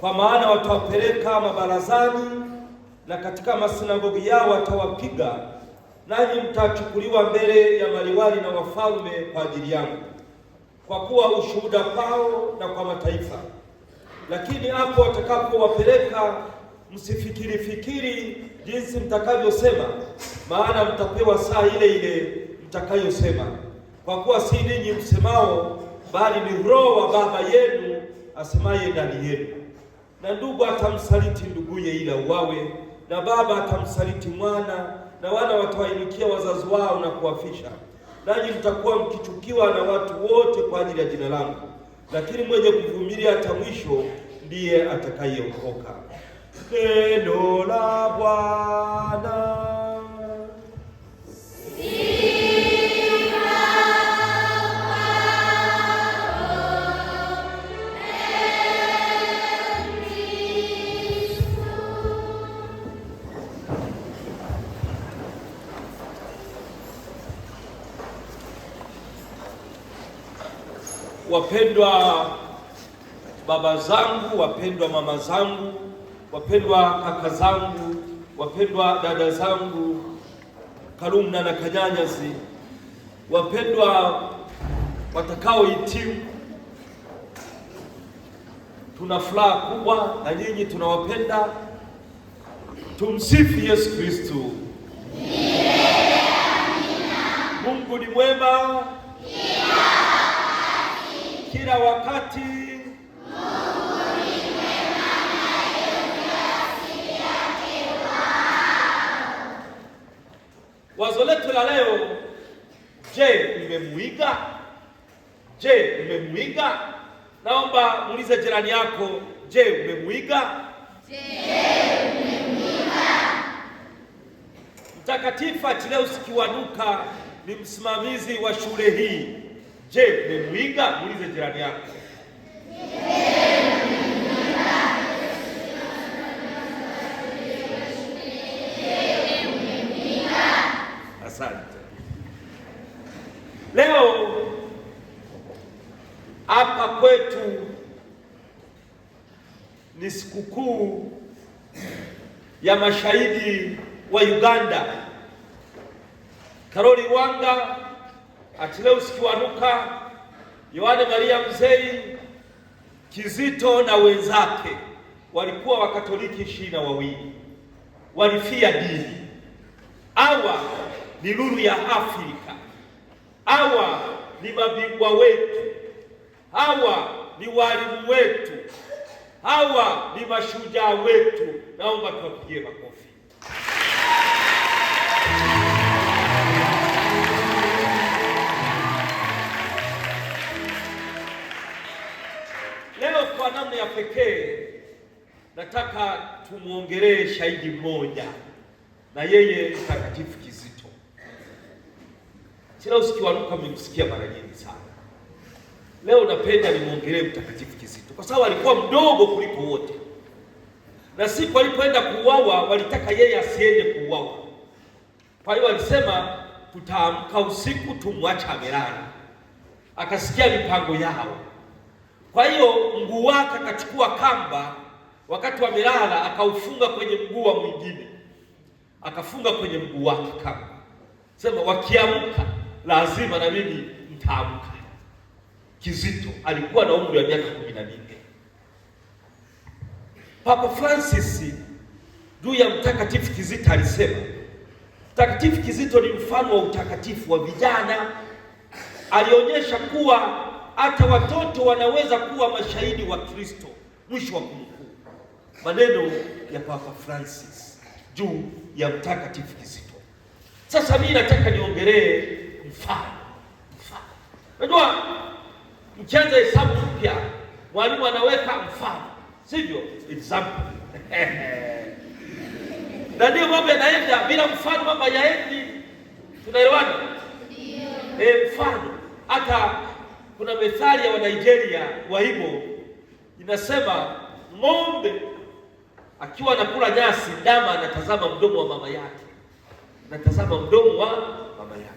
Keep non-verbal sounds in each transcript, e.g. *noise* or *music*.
kwa maana watawapeleka mabarazani na katika masinagogi yao watawapiga, nanyi mtachukuliwa mbele ya maliwali na wafalme kwa ajili yangu, kwa kuwa ushuhuda kwao na kwa mataifa. Lakini hapo watakapowapeleka, msifikiri fikiri jinsi mtakavyosema, maana mtapewa saa ile ile mtakayosema, kwa kuwa si ninyi msemao, bali ni Roho wa Baba yenu asemaye ndani yenu na ndugu atamsaliti nduguye ila uwawe, na baba atamsaliti mwana, na wana watawainikia wazazi wao na kuwafisha. Nanyi mtakuwa mkichukiwa na watu wote kwa ajili ya jina langu, lakini mwenye kuvumilia hata mwisho ndiye atakayeokoka. Neno la Bwana. Wapendwa baba zangu, wapendwa mama zangu, wapendwa kaka zangu, wapendwa dada zangu Kalumna na Kanyanyazi, wapendwa watakaohitimu, tuna furaha kubwa na nyinyi tunawapenda. Tumsifu Yesu Kristo. Mungu ni mwema kila wakati wazo letu la leo. Je, nimemuiga? Je, nimemuiga? Naomba muulize jirani yako, je, umemuiga? Je, umemuiga? Mtakatifu Atileusi Kiwanuka ni msimamizi wa shule hii. Je, ni mwiga? Muulize jirani yako. Asante. Leo hapa kwetu ni sikukuu ya mashahidi wa Uganda. Karoli Wanga Athineus Kiwanuka, Yohane Maria Mzei, Kizito na wenzake walikuwa Wakatoliki ishirini na wawili walifia dini. Hawa ni lulu ya Afrika, hawa ni mabingwa wetu, hawa ni walimu wetu, hawa ni mashujaa wetu. Naomba tuwapigie makofi. ya pekee nataka tumwongelee shahidi mmoja, na yeye Mtakatifu Kizito. Kila usikiwanuka mmemsikia mara nyingi sana. Leo napenda nimwongelee Mtakatifu Kizito kwa sababu alikuwa mdogo kuliko wote, na siku alipoenda kuuawa walitaka yeye asiende kuuawa. Kwa hiyo walisema tutaamka usiku tumwacha amelala. Akasikia mipango yao kwa hiyo mguu wake akachukua kamba wakati wamelala, akaufunga kwenye mguu wa mwingine, akafunga kwenye mguu wake kamba, sema wakiamka lazima na mimi mtaamka. Kizito alikuwa na umri wa miaka kumi na nne. Papa Francis juu ya mtakatifu Kizito alisema mtakatifu Kizito ni mfano wa utakatifu wa vijana. Alionyesha kuwa hata watoto wanaweza kuwa mashahidi wa Kristo. Mwisho wa kunukuu, maneno ya Papa Francis juu ya Mtakatifu Kizito. Sasa mimi nataka niongelee mfano mfano. Unajua mcheza hesabu mpya, mwalimu anaweka mfano, sivyo? Example *laughs* na ndio mambo yanaenda, bila mfano mambo yaendi. Tunaelewana? E, mfano hata kuna methali ya Wanigeria wa Igbo inasema, ng'ombe akiwa anakula nyasi, ndama anatazama mdomo wa mama yake, anatazama mdomo wa mama yake.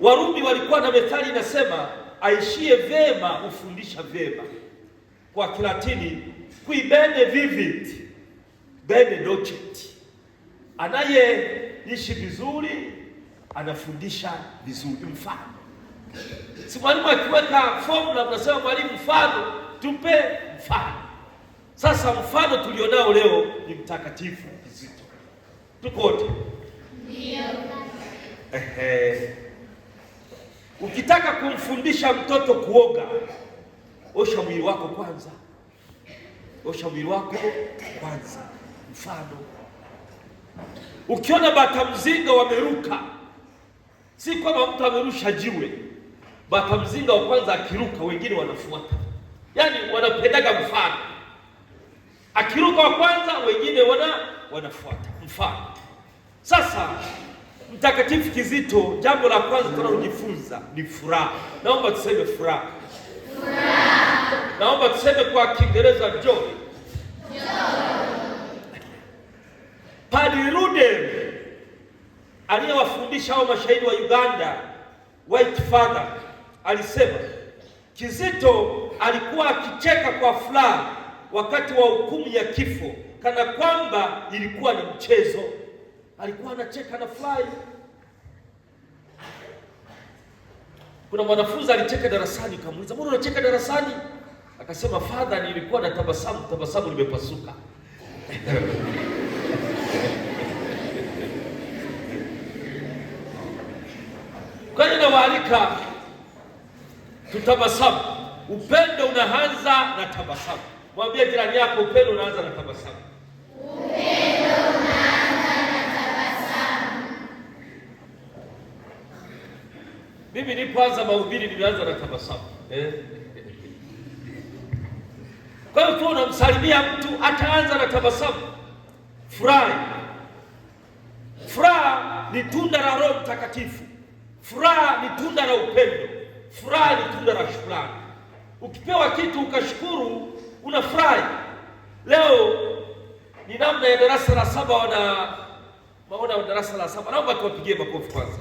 Warumi walikuwa na methali inasema, aishie vyema hufundisha vyema. Kwa Kilatini, qui bene vivit bene docet, anayeishi vizuri anafundisha vizuri. Mfano Si mwalimu akiweka formula mnasema mwalimu mfano, tupe mfano. Sasa mfano tulionao leo ni mtakatifu Kizito, tuko wote Ukitaka kumfundisha mtoto kuoga, osha mwili wako kwanza, osha mwili wako kwanza, mfano. Ukiona bata mzinga wameruka, si kwamba mtu amerusha jiwe bata mzinga wa kwanza akiruka, wengine wanafuata, yaani wanapendaga mfano. Akiruka wa kwanza, wengine wana wanafuata mfano. Sasa Mtakatifu Kizito, jambo la kwanza tunalojifunza ni furaha. Naomba tuseme furaha, furaha. Naomba tuseme kwa Kiingereza joy, joy. Padri Rudem aliyewafundisha hao mashahidi wa Uganda, White Father alisema Kizito alikuwa akicheka kwa furaha wakati wa hukumu ya kifo, kana kwamba ilikuwa ni mchezo. Alikuwa anacheka na furaha. Kuna mwanafunzi alicheka darasani, kamuuliza mbona unacheka darasani? Akasema fadha, nilikuwa na tabasamu, tabasamu limepasuka. *laughs* kwa hiyo nawaalika tutabasamu. Upendo unaanza na tabasamu. Mwambie jirani yako, upendo unaanza na tabasamu. Upendo unaanza na tabasamu. Mimi nilipoanza mahubiri nilianza na tabasamu eh. Kwa hiyo unamsalimia mtu ataanza na tabasamu. Furahi, furaha ni tunda la Roho Mtakatifu. Furaha ni tunda la upendo. Furaha ni tunda la shukrani. Ukipewa kitu ukashukuru, unafurahi. Leo ni namna ya darasa la saba wana maona wa darasa la saba, naomba tuwapigie makofi kwanza.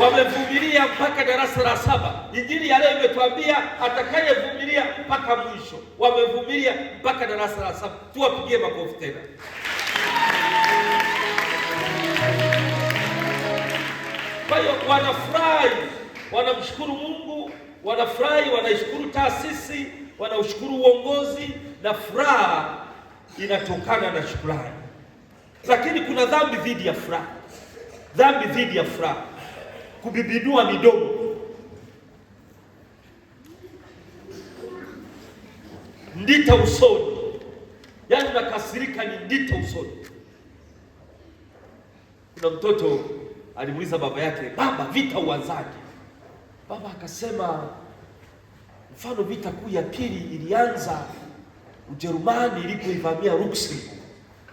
Wamevumilia mpaka darasa la saba. Injili ya leo imetuambia atakayevumilia mpaka mwisho. Wamevumilia mpaka darasa la saba. Tuwapigie makofi tena. ambayo wanafurahi, wanamshukuru Mungu, wanafurahi, wanaishukuru taasisi, wanaushukuru uongozi, na furaha inatokana na shukrani. Lakini kuna dhambi dhidi ya furaha, dhambi dhidi ya furaha, kubibinua midomo. Ndita usoni, yaani unakasirika, ni ndita usoni. Kuna mtoto alimuuliza baba yake, baba, vita uanzaje? Baba akasema mfano vita kuu ya pili ilianza Ujerumani ilipoivamia Ruksi.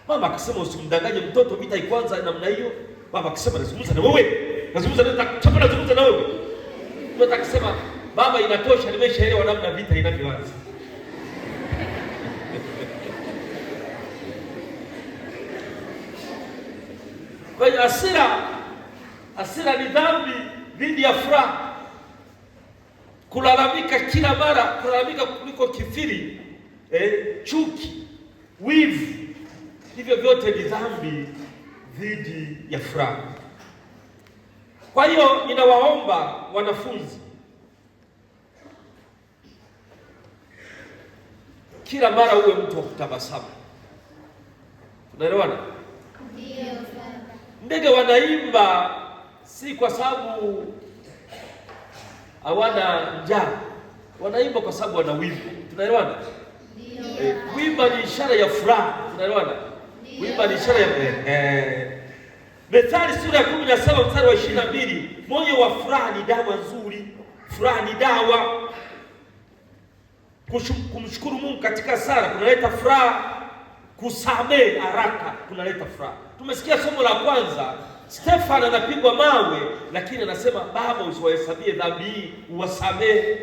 Mama akasema usimdanganye mtoto, vita ikwanza namna hiyo. Baba akasema nazungumza na wewe, nazungumza na chapa, nazungumza na wewe. Mtoto akasema baba, inatosha, nimeshaelewa namna vita inavyoanza. *laughs* kwa hiyo asira Hasira ni dhambi dhidi ya furaha. Kulalamika kila mara, kulalamika kuliko kifiri eh, chuki, wivu, hivyo vyote ni dhambi dhidi ya furaha. Kwa hiyo ninawaomba wanafunzi, kila mara uwe mtu wa kutabasamu. Unaelewana? Ndio. Ndege wanaimba si kwa sababu hawana njaa, wanaimba kwa sababu wana wimbo. Tunaelewana? Eh, kuimba ni ishara ya furaha. Tunaelewana? Kuimba ni ishara ya eh. eh. Methali sura ya 17 mstari wa 22, moyo wa furaha ni dawa nzuri. Furaha ni dawa. Kumshukuru Mungu katika sala kunaleta furaha. Kusamehe haraka kunaleta furaha. Tumesikia somo la kwanza Stefano anapigwa mawe, lakini anasema Baba, usiwahesabie dhambi hii, uwasamehe.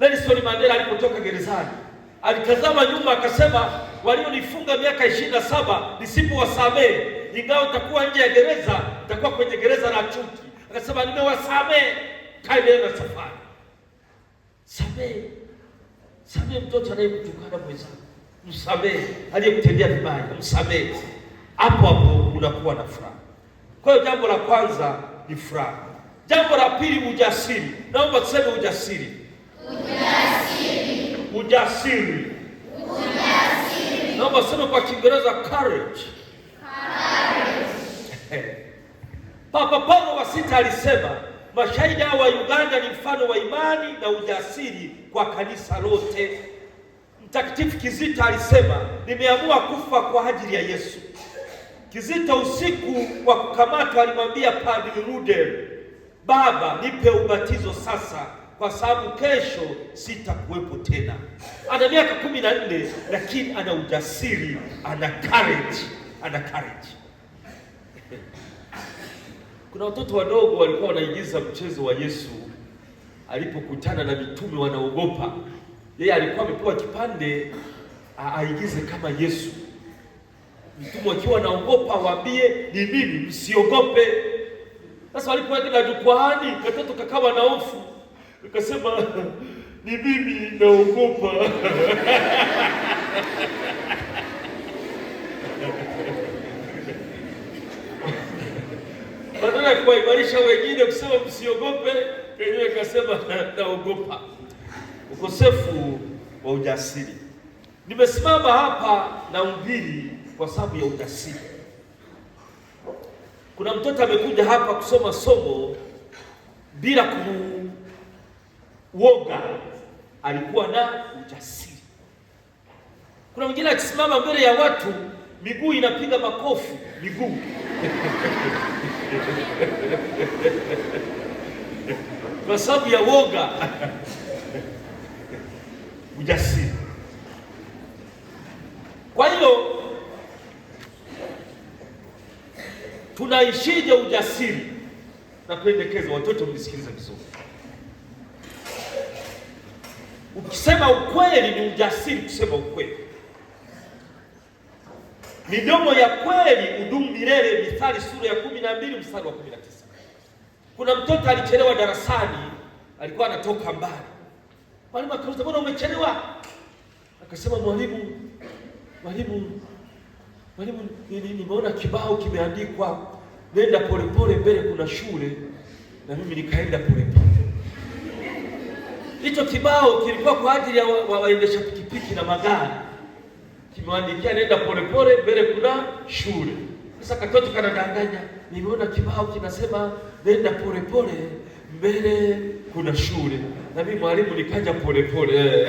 Nelson Mandela alipotoka gerezani alitazama nyuma akasema, walionifunga miaka ishirini na saba nisipowasamehe, ingawa nitakuwa nje ya gereza, nitakuwa kwenye gereza la chuki. Akasema, nimewasamehe, kaendelee na safari. Samehe, samehe mtoto anayekutukana mwenzako, msamehe. Aliyekutendea vibaya, msamehe hapo hapo unakuwa na furaha. Kwa hiyo jambo la kwanza ni furaha. Jambo la pili ujasiri. Naomba tuseme ujasiri. Ujasiri, ujasiri, ujasiri. Naomba tuseme kwa Kiingereza courage. *laughs* Papa Paulo wa sita alisema mashahidi hao wa Uganda ni mfano wa imani na ujasiri kwa kanisa lote. Mtakatifu Kizito alisema nimeamua kufa kwa ajili ya Yesu. Kizito usiku wa kukamatwa alimwambia Padri Rudel, baba, nipe ubatizo sasa kwa sababu kesho sitakuwepo tena. Ana miaka kumi na nne lakini ana ujasiri, ana courage, ana courage. *laughs* Kuna watoto wadogo walikuwa wanaigiza mchezo wa Yesu alipokutana na mitume wanaogopa. Yeye alikuwa amepewa kipande aigize kama Yesu Mtumwa akiwa naogopa waambie ni mimi, msiogope. Sasa walipoenda jukwaani, katoto kakawa na hofu, akasema ni mimi naogopa. *laughs* Badala ya kuwaimarisha wengine kusema msiogope, yenyewe kasema *laughs* naogopa. Ukosefu wa ujasiri. Nimesimama hapa na ubiri kwa sababu ya ujasiri Kuna mtoto amekuja hapa kusoma somo bila kuoga, alikuwa na ujasiri. Kuna mwingine akisimama mbele ya watu miguu inapiga makofi, miguu *laughs* kwa sababu ya woga *laughs* ujasiri tunaishije ujasiri na kuendekeza watoto mnisikilize vizuri. Ukisema ukweli ni ujasiri kusema ukweli. Midomo ya kweli udumu milele, Mithali sura ya kumi na mbili mstari wa kumi na tisa. Kuna mtoto alichelewa darasani, alikuwa anatoka mbali. Mwalimu akauliza, mbona umechelewa? Akasema, mwalimu, mwalimu Mwalimu, nimeona kibao kimeandikwa nenda polepole, mbele kuna shule, na mimi nikaenda polepole. Hicho kibao kilikuwa kwa ajili ya waendesha wa, pikipiki na magari, kimeandikia nenda polepole, mbele kuna shule. Sasa katoto kanadanganya, nimeona kibao kinasema nenda polepole, mbele kuna shule, na mimi mwalimu nikaja polepole.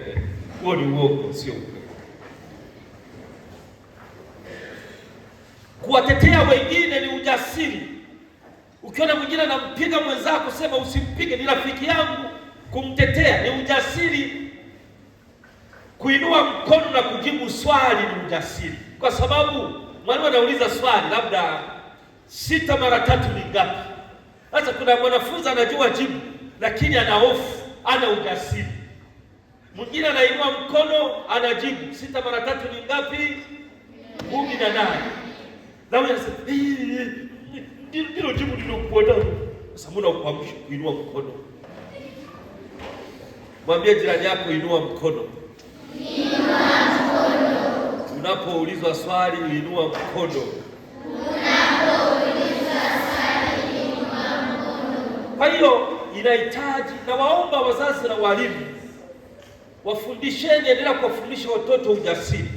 *laughs* Huo ni uongo, sio Kuwatetea wengine ni ujasiri. Ukiona mwingine anampiga mwenzako, sema usimpige, ni rafiki yangu. Kumtetea ni ujasiri. Kuinua mkono na kujibu swali ni ujasiri, kwa sababu mwalimu anauliza swali labda sita mara tatu ni ngapi? Sasa kuna mwanafunzi anajua jibu, lakini ana hofu, ana ujasiri. Mwingine anainua mkono anajibu, sita mara tatu ni ngapi? kumi na nane nawe anasema ndilo jibu lilokuona. Sasa mbona ukuamsha kuinua mkono? Mwambie jirani yako, inua mkono. Unapoulizwa swali, inua mkono. Kwa hiyo inahitaji na waomba wazazi na walimu wafundisheni, endelea kuwafundisha watoto ujasiri.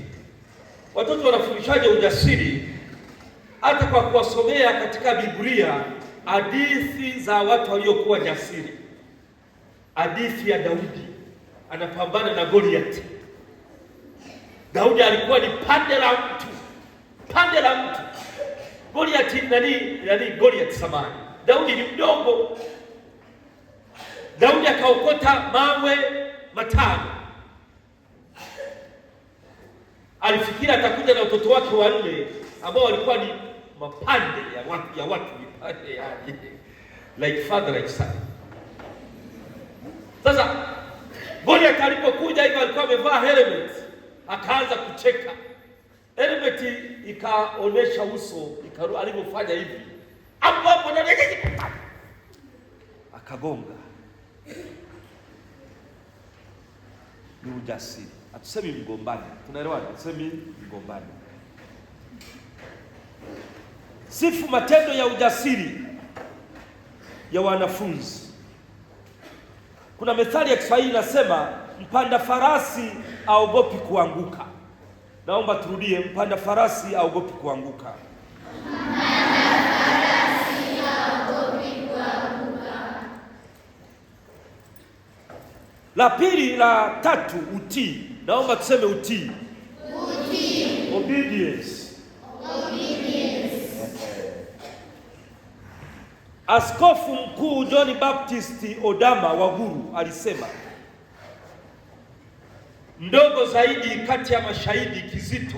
Watoto wanafundishaje ujasiri? hata kwa kuwasomea katika Biblia hadithi za watu waliokuwa jasiri. Hadithi ya Daudi anapambana na Goliath. Daudi alikuwa ni pande la mtu, pande la mtu. Goliath nani? Nani Goliath samani? Daudi ni mdogo. Daudi akaokota mawe matano. Alifikiri atakuja na watoto wake wanne ambao walikuwa ni mapande ya watu ya watu vipande ya yaani. like father like son. Sasa Goliath alipokuja hivyo alikuwa amevaa helmet, akaanza kucheka. Helmet ikaonesha uso, ikaru alivyofanya hivi hapo hapo na akagonga. Ni ujasiri, hatusemi mgombani, tunaelewana? Tusemi mgombani Sifu matendo ya ujasiri ya wanafunzi. Kuna methali ya Kiswahili inasema, mpanda farasi aogopi kuanguka. Naomba turudie, mpanda farasi aogopi kuanguka. La pili, la tatu, utii. Naomba tuseme utii, utii. Obedience. Askofu Mkuu John Baptist Odama wa Waguru alisema mdogo zaidi kati ya mashahidi Kizito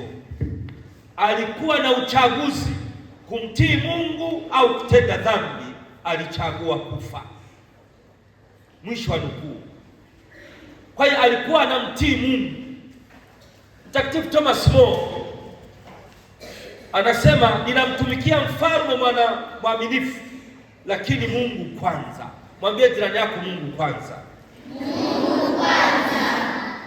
alikuwa na uchaguzi kumtii Mungu au kutenda dhambi, alichagua kufa. Mwisho wa nukuu. Kwa hiyo alikuwa anamtii Mungu. Mtakatifu Thomas More anasema, ninamtumikia mfalme mwana mwaminifu lakini Mungu kwanza. Mwambie jirani yako Mungu kwanza, Mungu kwanza.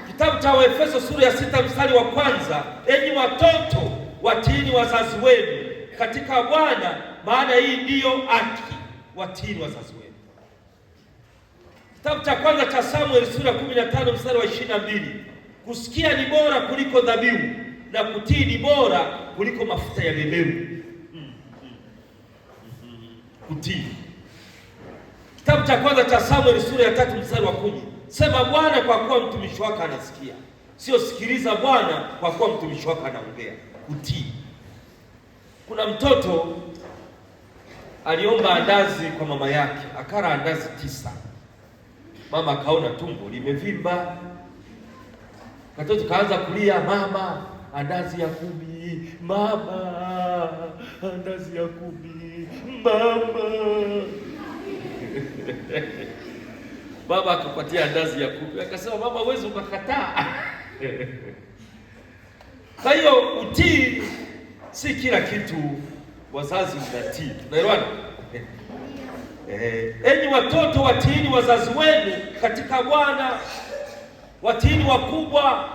Kitabu cha Waefeso sura ya sita mstari wa kwanza, enyi watoto watiini wazazi wenu katika Bwana, maana hii ndiyo haki. Watiini wazazi wenu. Kitabu cha kwanza cha Samueli sura ya 15 mstari wa 22, kusikia ni bora kuliko dhabihu na kutii ni bora kuliko mafuta ya beberu kutii. Kitabu cha kwanza cha Samueli sura ya tatu mstari wa kumi sema Bwana kwa kuwa mtumishi wake anasikia, sio sikiliza Bwana kwa kuwa mtumishi wake anaongea, kutii. Kuna mtoto aliomba andazi kwa mama yake, akara andazi tisa. Mama akaona tumbo limevimba, katoto kaanza kulia, mama, andazi ya kumi, mama, andazi ya kumi baba. Baba akapatia andazi ya kupe, akasema baba, huwezi ukakataa. Kwa hiyo utii si kila kitu, wazazi mnatii, tunaelewana? Eh, enyi watoto watiini wazazi wenu katika Bwana, watiini wakubwa,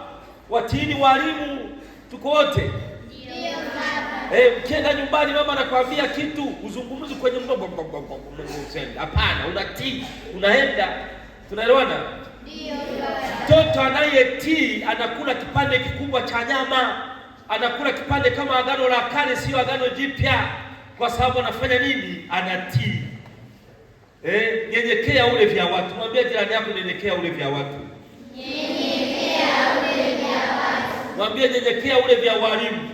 watiini walimu, tuko wote Eh, ukienda nyumbani mama anakwambia kitu uzungumzi kwenye mdomo. Hapana, unatii, unaenda. Tunaelewana? Ndio. Mtoto anayetii anakula kipande kikubwa cha nyama, anakula kipande kama agano la kale, sio agano jipya, kwa sababu anafanya nini? Anatii. Eh, nyenyekea ule vya watu. Mwambie jirani yako nyenyekea ule vya watu. Nyenyekea ule vya watu. Mwambie nyenyekea ule vya walimu.